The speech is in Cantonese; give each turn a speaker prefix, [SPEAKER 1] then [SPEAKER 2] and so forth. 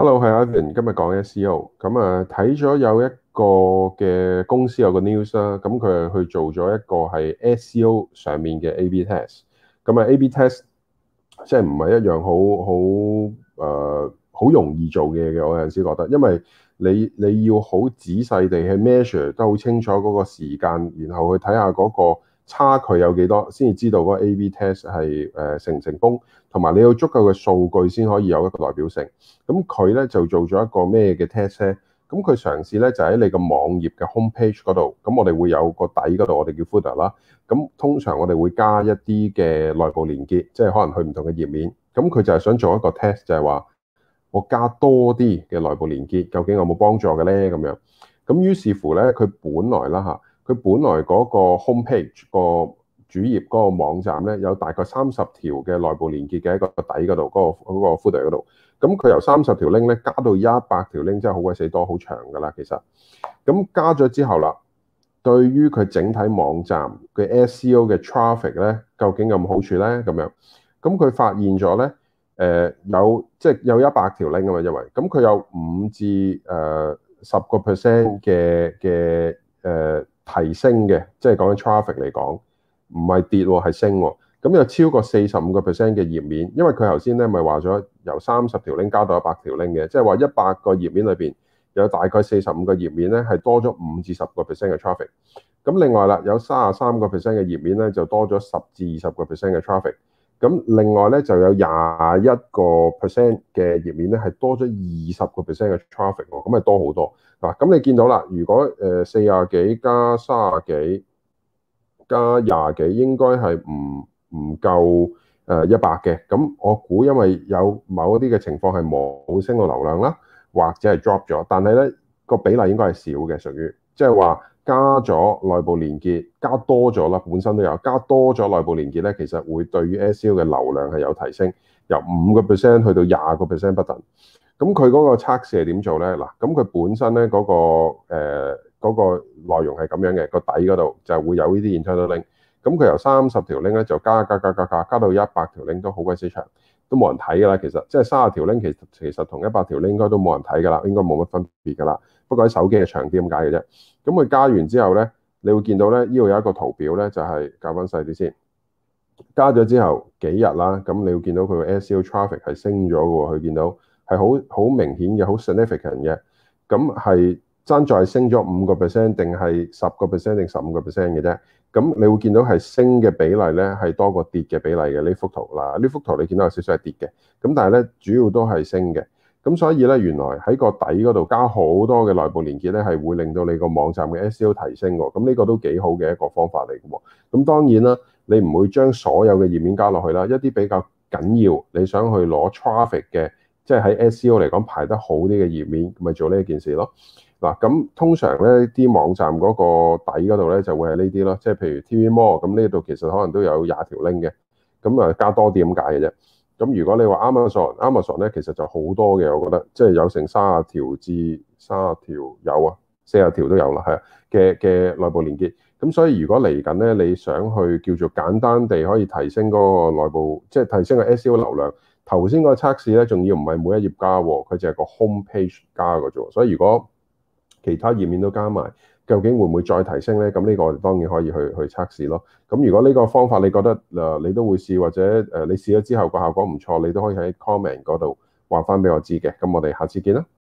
[SPEAKER 1] Hello，係阿 Vin 今日講 SEO，咁啊睇咗有一個嘅公司有個 news 啦，咁佢去做咗一個係 SEO 上面嘅 A B test，咁、嗯、啊 A B test 即係唔係一樣好好誒好容易做嘅嘢嘅。我有陣時覺得，因為你你要好仔細地去 measure，都好清楚嗰個時間，然後去睇下嗰、那個。差距有幾多先至知道嗰個 A/B test 係誒、呃、成唔成功？同埋你有足夠嘅數據先可以有一個代表性。咁佢咧就做咗一個咩嘅 test 咧？咁佢嘗試咧就喺你個網頁嘅 homepage 嗰度。咁我哋會有個底嗰度，我哋叫 footer 啦。咁通常我哋會加一啲嘅內部連結，即係可能去唔同嘅頁面。咁佢就係想做一個 test，就係話我加多啲嘅內部連結，究竟有冇幫助嘅咧？咁樣，咁於是乎咧，佢本來啦嚇。佢本來嗰個 homepage 個主頁嗰個網站咧，有大概三十條嘅內部連結嘅一個底嗰度，嗰個嗰個 footer 嗰度。咁佢由三十條 link 咧，加到一百條 link，真係好鬼死多，好長㗎啦。其實，咁加咗之後啦，對於佢整體網站嘅 SEO 嘅 traffic 咧，究竟有冇好處咧？咁樣，咁佢發現咗咧，誒、呃、有即係有一百條 link 啊嘛，因為咁佢有五至誒十個 percent 嘅嘅誒。提升嘅，即係講緊 traffic 嚟講，唔係跌喎、啊，係升喎、啊。咁有超過四十五個 percent 嘅頁面，因為佢頭先咧咪話咗由三十條 link 加到一百條 link 嘅，即係話一百個頁面裏邊有大概四十五個頁面咧係多咗五至十個 percent 嘅 traffic。咁 tra 另外啦，有三十三個 percent 嘅頁面咧就多咗十至二十個 percent 嘅 traffic。咁另外咧就有廿一個 percent 嘅頁面咧，係多咗二十個 percent 嘅 traffic 喎，咁係多好多嗱。咁你見到啦，如果誒四廿幾加三十幾加廿幾，應該係唔唔夠誒一百嘅。咁我估因為有某一啲嘅情況係冇升到流量啦，或者係 drop 咗，但係咧個比例應該係少嘅，屬於。即係話加咗內部連結，加多咗啦，本身都有加多咗內部連結咧，其實會對於 SEO 嘅流量係有提升，由五個 percent 去到廿個 percent 不等。咁佢嗰個測試係點做咧？嗱，咁佢本身咧嗰、嗰個誒嗰、呃嗰個、內容係咁樣嘅，個底嗰度就會有呢啲 internal link。咁佢由三十條 link 咧就加加加加加，加到一百條 link 都好鬼死長。都冇人睇㗎啦，其實即係三十條 link，其實同一百條 link 應該都冇人睇㗎啦，應該冇乜分別㗎啦。不過喺手機嘅長啲咁解嘅啫。咁佢加完之後咧，你會見到咧，呢度有一個圖表咧，就係較翻細啲先。加咗之後幾日啦，咁你會見到佢嘅 SEO traffic 係升咗嘅喎，佢見到係好好明顯嘅，好 significant 嘅。咁係。爭在升咗五個 percent 定係十個 percent 定十五個 percent 嘅啫。咁你會見到係升嘅比例咧，係多過跌嘅比例嘅呢幅圖嗱。呢幅圖你見到有少少係跌嘅，咁但係咧，主要都係升嘅。咁所以咧，原來喺個底嗰度加好多嘅內部連結咧，係會令到你個網站嘅 SEO 提升喎。咁呢個都幾好嘅一個方法嚟嘅喎。咁當然啦，你唔會將所有嘅頁面加落去啦。一啲比較緊要你想去攞 traffic 嘅，即係喺 SEO 嚟講排得好啲嘅頁面，咪做呢一件事咯。嗱，咁通常咧啲網站嗰個底嗰度咧就會係呢啲咯，即係譬如 TV More 咁呢度其實可能都有廿條 link 嘅，咁啊加多啲咁解嘅啫。咁如果你話 Amazon，Amazon 咧 Am 其實就好多嘅，我覺得即係、就是、有成三十條至三十條有啊，四十條都有啦，係啊嘅嘅內部連結。咁所以如果嚟緊咧你想去叫做簡單地可以提升嗰個內部，即、就、係、是、提升個 SEO 流量，頭先個測試咧仲要唔係每一頁加喎，佢就係個 home page 加個啫。所以如果其他頁面都加埋，究竟會唔會再提升咧？咁呢個我哋當然可以去去測試咯。咁如果呢個方法你覺得誒你都會試，或者誒你試咗之後個效果唔錯，你都可以喺 comment 嗰度話翻俾我知嘅。咁我哋下次見啦。